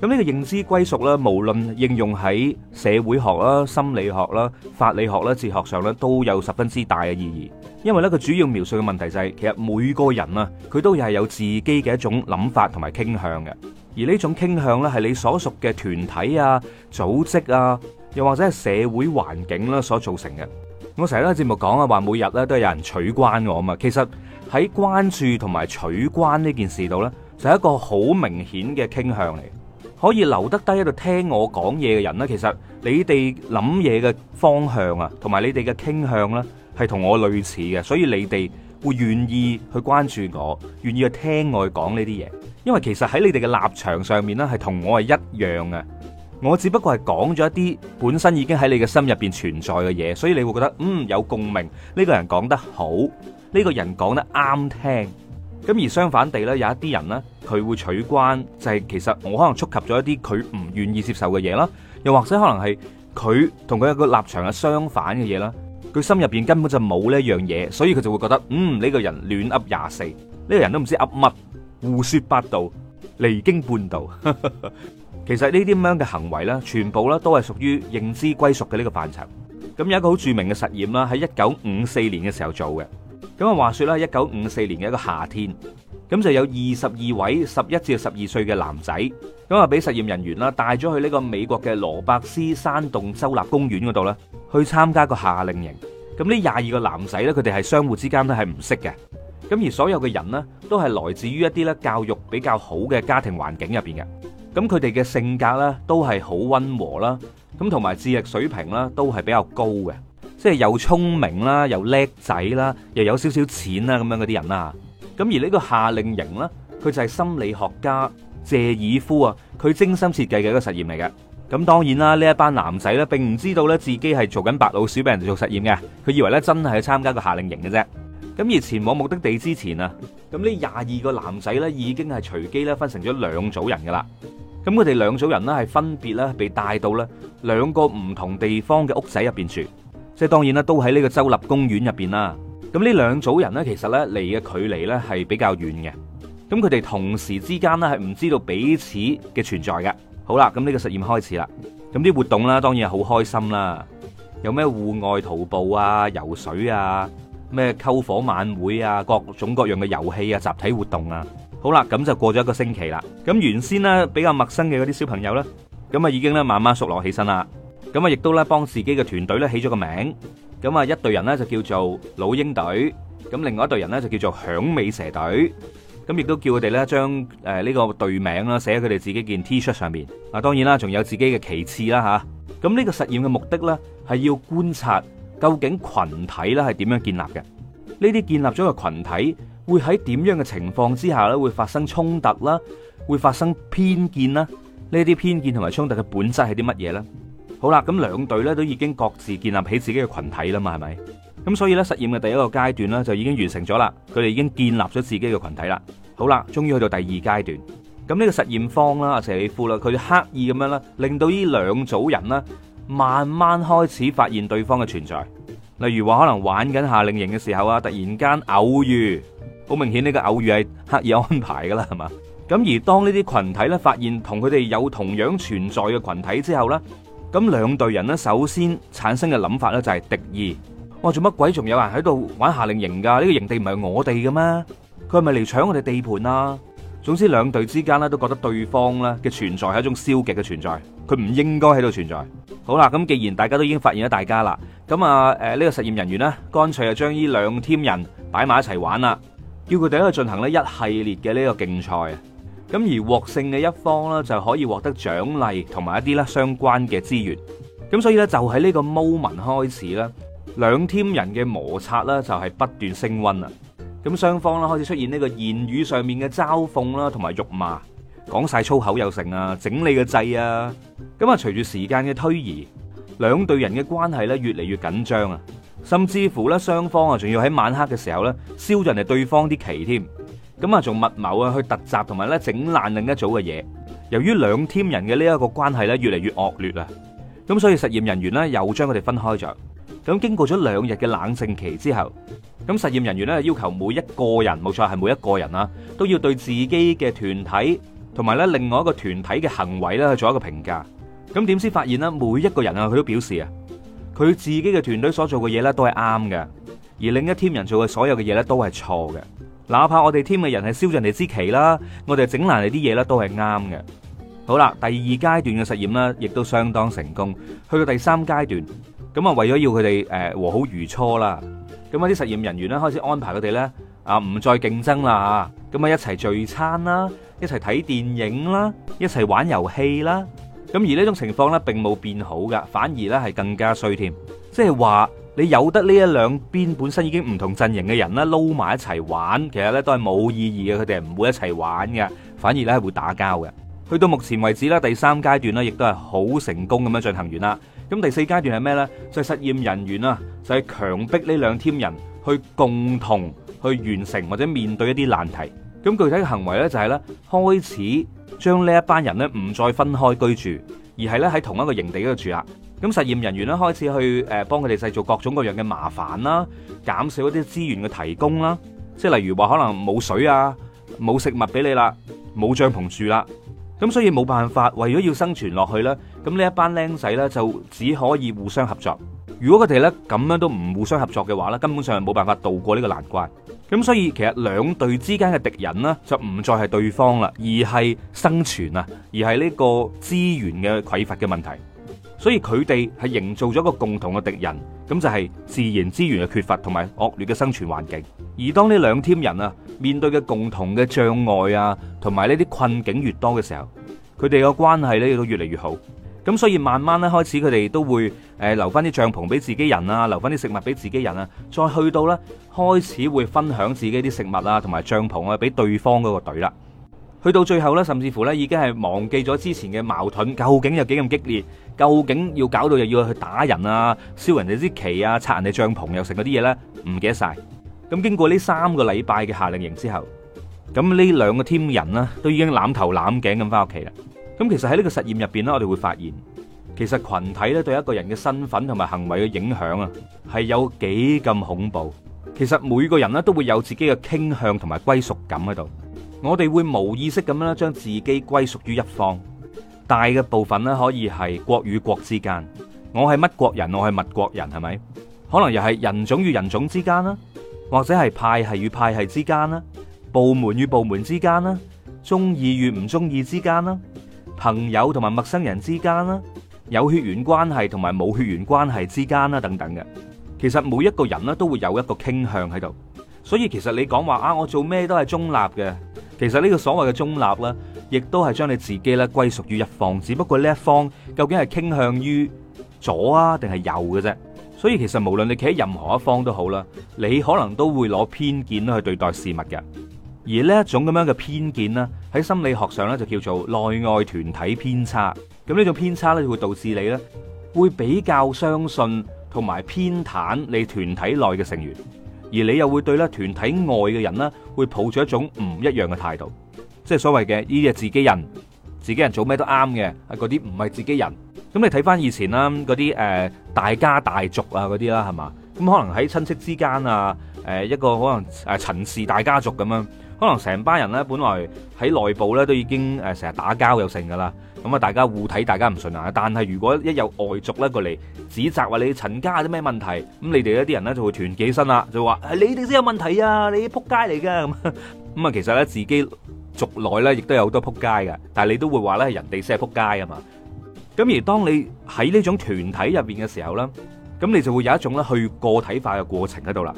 咁、這、呢個認知歸屬咧，無論應用喺社會學啦、心理學啦、法理學啦、哲學上咧，都有十分之大嘅意義。因為咧，佢主要描述嘅問題就係、是，其實每個人啊，佢都係有自己嘅一種諗法同埋傾向嘅。而呢種傾向咧，係你所屬嘅團體啊、組織啊，又或者係社會環境啦所造成嘅。我成日喺節目講啊，話每日咧都有人取關我啊嘛。其實喺關注同埋取關呢件事度咧，就係、一個好明顯嘅傾向嚟。可以留得低喺度聽我講嘢嘅人呢，其實你哋諗嘢嘅方向啊，同埋你哋嘅傾向呢，係同我類似嘅，所以你哋會願意去關注我，願意去聽我講呢啲嘢，因為其實喺你哋嘅立場上面呢，係同我係一樣嘅，我只不過係講咗一啲本身已經喺你嘅心入邊存在嘅嘢，所以你會覺得嗯，有共鳴，呢個人講得好，呢個人講得啱聽。咁而相反地咧，有一啲人呢，佢會取關，就係其實我可能觸及咗一啲佢唔願意接受嘅嘢啦，又或者可能係佢同佢一個立場係相反嘅嘢啦，佢心入面根本就冇呢樣嘢，所以佢就會覺得嗯，呢個人亂噏廿四，呢個人都唔知噏乜，胡說八道，離經叛道。 其實呢啲咁樣嘅行為呢，全部呢都係屬於認知歸屬嘅呢個範疇。咁有一個好著名嘅實驗啦，喺一九五四年嘅時候做嘅。咁啊，話說啦，一九五四年嘅一個夏天，咁就有二十二位十一至十二歲嘅男仔，咁啊，俾實驗人員啦帶咗去呢個美國嘅羅伯斯山洞州立公園嗰度啦，去參加個夏令營。咁呢廿二個男仔咧，佢哋係相互之間咧係唔識嘅。咁而所有嘅人呢，都係來自於一啲咧教育比較好嘅家庭環境入邊嘅。咁佢哋嘅性格咧都係好溫和啦。咁同埋智力水平呢，都係比較高嘅。即係又聰明啦，又叻仔啦，又有少少錢啦，咁樣嗰啲人啦。咁而呢個夏令營呢，佢就係心理學家謝爾夫啊，佢精心設計嘅一個實驗嚟嘅。咁當然啦，呢一班男仔呢並唔知道呢自己係做緊白老鼠畀人哋做實驗嘅，佢以為呢真係去參加個夏令營嘅啫。咁而前往目的地之前啊，咁呢廿二個男仔呢已經係隨機咧分成咗兩組人㗎喇。咁佢哋兩組人呢係分別咧被帶到咧兩個唔同地方嘅屋仔入邊住。即係當然啦，都喺呢個州立公園入邊啦。咁呢兩組人呢，其實呢，離嘅距離呢係比較遠嘅。咁佢哋同時之間呢，係唔知道彼此嘅存在嘅。好啦，咁呢個實驗開始啦。咁啲活動啦，當然係好開心啦。有咩戶外徒步啊、游水啊、咩篝火晚會啊、各種各樣嘅遊戲啊、集體活動啊。好啦，咁就過咗一個星期啦。咁原先呢，比較陌生嘅嗰啲小朋友呢，咁啊已經呢，慢慢熟落起身啦。咁啊，亦都咧幫自己嘅團隊咧起咗個名。咁啊，一隊人咧就叫做老鷹隊，咁另外一隊人咧就叫做響尾蛇隊。咁亦都叫佢哋咧將誒呢個隊名啦寫喺佢哋自己件 t 恤上面。啊，當然啦，仲有自己嘅旗幟啦吓。咁、這、呢個實驗嘅目的咧係要觀察究竟群體咧係點樣建立嘅？呢啲建立咗個群體會喺點樣嘅情況之下咧會發生衝突啦，會發生偏見啦？呢啲偏見同埋衝突嘅本質係啲乜嘢咧？好啦，咁兩隊咧都已經各自建立起自己嘅群體啦嘛，係咪？咁所以呢，實驗嘅第一個階段呢就已經完成咗啦。佢哋已經建立咗自己嘅群體啦。好啦，終於去到第二階段。咁呢個實驗方啦，謝、啊、利夫啦，佢哋刻意咁樣啦，令到呢兩組人呢慢慢開始發現對方嘅存在。例如話，可能玩緊夏令營嘅時候啊，突然間偶遇，好明顯呢個偶遇係刻意安排㗎啦，係嘛？咁而當呢啲群體呢發現同佢哋有同樣存在嘅群體之後呢。咁兩隊人呢，首先產生嘅諗法呢，就係敵意。哇、哦，做乜鬼仲有人喺度玩夏令營噶？呢、呢個營地唔係我哋嘅咩？佢係咪嚟搶我哋地盤啊？總之兩隊之間呢，都覺得對方呢嘅存在係一種消極嘅存在，佢唔應該喺度存在。好啦，咁既然大家都已經發現咗大家啦，咁啊誒呢個實驗人員呢，乾脆就將呢兩 team 人擺埋一齊玩啦，叫佢哋喺度進行呢一系列嘅呢個競賽。咁而獲勝嘅一方呢就可以獲得獎勵同埋一啲咧相關嘅資源。咁所以呢，就喺呢個 moment 開始咧，兩 team 人嘅摩擦呢就係不斷升溫。咁雙方呢開始出現呢個言語上面嘅嘲諷啦，同埋辱罵，講晒粗口又成啊，整理個掣啊！咁啊，隨住時間嘅推移，兩隊人嘅關係呢越嚟越緊張啊，甚至乎呢，雙方啊仲要喺晚黑嘅時候呢燒咗人哋對方啲旗添。咁啊，仲密謀啊，去突襲同埋咧整爛另一組嘅嘢。由於兩 team 人嘅呢一個關係咧越嚟越惡劣啊，咁所以實驗人員咧又將佢哋分開咗。咁經過咗兩日嘅冷靜期之後，咁實驗人員咧要求每一個人，冇錯係每一個人啦，都要對自己嘅團體同埋咧另外一個團體嘅行為咧去做一個評價。咁點先發現咧，每一個人啊佢都表示啊，佢自己嘅團隊所做嘅嘢咧都係啱嘅，而另一 team 人做嘅所有嘅嘢咧都係錯嘅。哪怕我哋 team 嘅人係燒盡你哋支旗啦，我哋整爛你啲嘢咧都係啱嘅。好啦，第二階段嘅實驗呢亦都相當成功。去到第三階段，咁啊為咗要佢哋誒和好如初啦，咁啲實驗人員呢開始安排佢哋呢，啊唔再競爭啦嚇，咁啊一齊聚餐啦，一齊睇電影啦，一齊玩遊戲啦。咁而呢種情況呢，並冇變好噶，反而呢係更加衰添，即係話。你有得呢一兩邊本身已經唔同陣營嘅人咧，撈埋一齊玩，其實咧都係冇意義嘅。佢哋唔會一齊玩嘅，反而咧係會打交嘅。去到目前為止咧，第三階段咧，亦都係好成功咁樣進行完啦。咁第四階段係咩咧？就係實驗人員啊，就係強迫呢兩 team 人去共同去完成或者面對一啲難題。咁具體嘅行為咧就係咧，開始將呢一班人咧唔再分開居住，而係咧喺同一個營地嗰度住啊。咁實驗人員咧開始去誒幫佢哋製造各種各樣嘅麻煩啦，減少一啲資源嘅提供啦，即係例如話可能冇水啊，冇食物俾你啦，冇帳篷住啦，咁所以冇辦法為咗要生存落去呢，咁呢一班僆仔呢就只可以互相合作。如果佢哋呢咁樣都唔互相合作嘅話呢，根本上係冇辦法渡過呢個難關。咁所以其實兩隊之間嘅敵人呢就唔再係對方啦，而係生存啊，而係呢個資源嘅匱乏嘅問題。所以佢哋係營造咗一個共同嘅敵人，咁就係自然資源嘅缺乏同埋惡劣嘅生存環境。而當呢兩 team 人啊面對嘅共同嘅障礙啊同埋呢啲困境越多嘅時候，佢哋嘅關係呢亦都越嚟越好。咁所以慢慢呢開始佢哋都會留返啲帳篷俾自己人呀，留返啲食物俾自己人啊，再去到呢，開始會分享自己啲食物啊同埋帳篷啊俾對方嗰個隊啦。去到最後咧，甚至乎咧已經係忘記咗之前嘅矛盾，究竟有幾咁激烈？究竟要搞到又要去打人啊，燒人哋啲旗啊，拆人哋帳篷又成嗰啲嘢咧，唔記得晒。咁經過呢三個禮拜嘅夏令營之後，咁呢兩個 team 人啦，都已經攬頭攬頸咁返屋企啦。咁其實喺呢個實驗入邊咧，我哋會發現，其實羣體咧對一個人嘅身份同埋行為嘅影響啊，係有幾咁恐怖。其實每個人咧都會有自己嘅傾向同埋歸屬感喺度。我哋會無意識咁樣將自己歸屬於一方，大嘅部分咧可以係國與國之間，我係乜國人，我係乜國人係咪？可能又係人種與人種之間啦，或者係派系與派系之間啦，部門與部門之間啦，中意與唔中意之間啦，朋友同埋陌生人之間啦，有血緣關係同埋冇血緣關係之間啦，等等嘅。其實每一個人咧都會有一個傾向喺度，所以其實你講話啊，我做咩都係中立嘅。其實呢個所謂嘅中立咧，亦都係將你自己咧歸屬於一方，只不過呢一方究竟係傾向於左啊，定係右嘅啫。所以其實無論你企喺任何一方都好啦，你可能都會攞偏見去對待事物嘅。而呢一種咁樣嘅偏見咧，喺心理學上咧就叫做內外團體偏差。咁呢種偏差咧會導致你咧會比較相信同埋偏袒你團體內嘅成員。而你又會對咧團體外嘅人咧，會抱住一種唔一樣嘅態度，即係所謂嘅呢啲係自己人，自己人做咩都啱嘅，嗰啲唔係自己人。咁你睇返以前啦，嗰啲誒大家大族啊嗰啲啦，係嘛？咁可能喺親戚之間啊，誒一個可能誒陳氏大家族咁樣。可能成班人咧，本來喺內部咧都已經誒成日打交有成噶啦，咁啊大家互睇大家唔順眼。但係如果一有外族咧過嚟指責話你陳家有啲咩問題，咁你哋一啲人咧就會團結起身啦，就話係你哋先有問題啊，你撲街嚟噶咁。咁啊其實咧自己族內咧亦都有好多撲街㗎。但係你都會話咧人哋先係撲街啊嘛。咁而當你喺呢種團體入邊嘅時候咧，咁你就會有一種咧去個體化嘅過程喺度啦。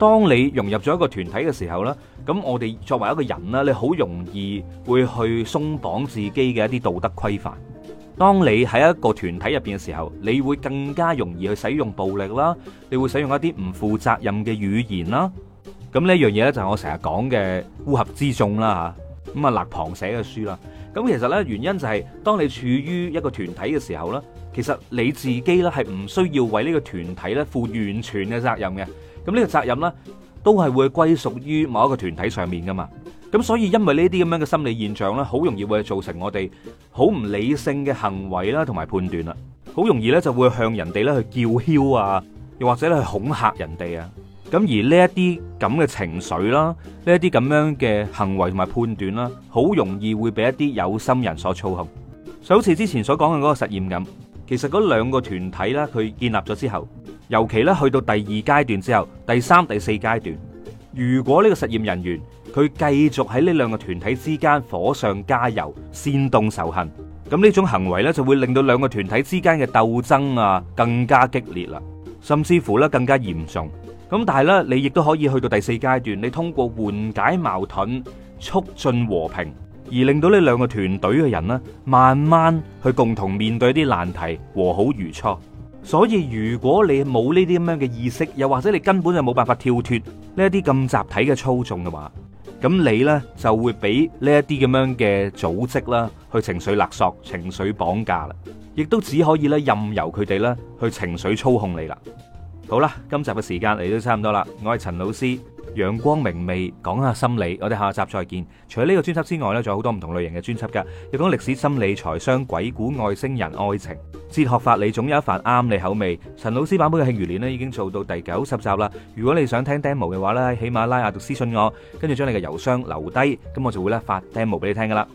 當你融入咗一個團體嘅時候呢，咁我哋作為一個人呢，你好容易會去鬆綁自己嘅一啲道德規範。當你喺一個團體入邊嘅時候，你會更加容易去使用暴力啦，你會使用一啲唔負責任嘅語言啦。咁呢一樣嘢呢，就係我成日講嘅烏合之眾啦，吓咁啊，勒龐寫嘅書啦。咁其實呢，原因就係當你處於一個團體嘅時候呢，其實你自己呢，係唔需要為呢個團體呢負完全嘅責任嘅。咁呢個責任咧，都係會歸屬於某一個團體上面噶嘛。咁所以因為呢啲咁樣嘅心理現象咧，好容易會造成我哋好唔理性嘅行為啦，同埋判斷啦。好容易咧就會向人哋咧去叫囂啊，又或者咧去恐嚇人哋啊。咁而呢一啲咁嘅情緒啦，呢一啲咁樣嘅行為同埋判斷啦，好容易會俾一啲有心人所操控。就好似之前所講嘅嗰個實驗咁，其實嗰兩個團體咧，佢建立咗之後。尤其咧去到第二階段之後，第三、第四階段，如果呢個實驗人員佢繼續喺呢兩個團體之間火上加油、煽動仇恨，咁呢種行為呢就會令到兩個團體之間嘅鬥爭啊更加激烈啦，甚至乎呢更加嚴重。咁但係咧，你亦都可以去到第四階段，你通過緩解矛盾、促進和平，而令到呢兩個團隊嘅人呢慢慢去共同面對啲難題，和好如初。所以如果你冇呢啲咁樣嘅意識，又或者你根本就冇辦法跳脫呢一啲咁集體嘅操縱嘅話，咁你呢就會俾呢一啲咁樣嘅組織啦，去情緒勒索、情緒綁架啦，亦都只可以咧任由佢哋咧去情緒操控你啦。好啦，今集嘅時間嚟到差唔多啦，我係陳老師。陽光明媚，講下心理，我哋下集再見。除咗呢個專輯之外咧，仲有好多唔同類型嘅專輯噶，有講歷史、心理、財商、鬼故、外星人、愛情、哲學、法理，總有一番啱你口味。陳老師版本嘅慶餘年咧已經做到第九十集啦。如果你想聽 demo 嘅話呢，喺喜馬拉雅度私信我，跟住將你嘅郵箱留低，咁我就會咧發 demo 俾你聽噶啦。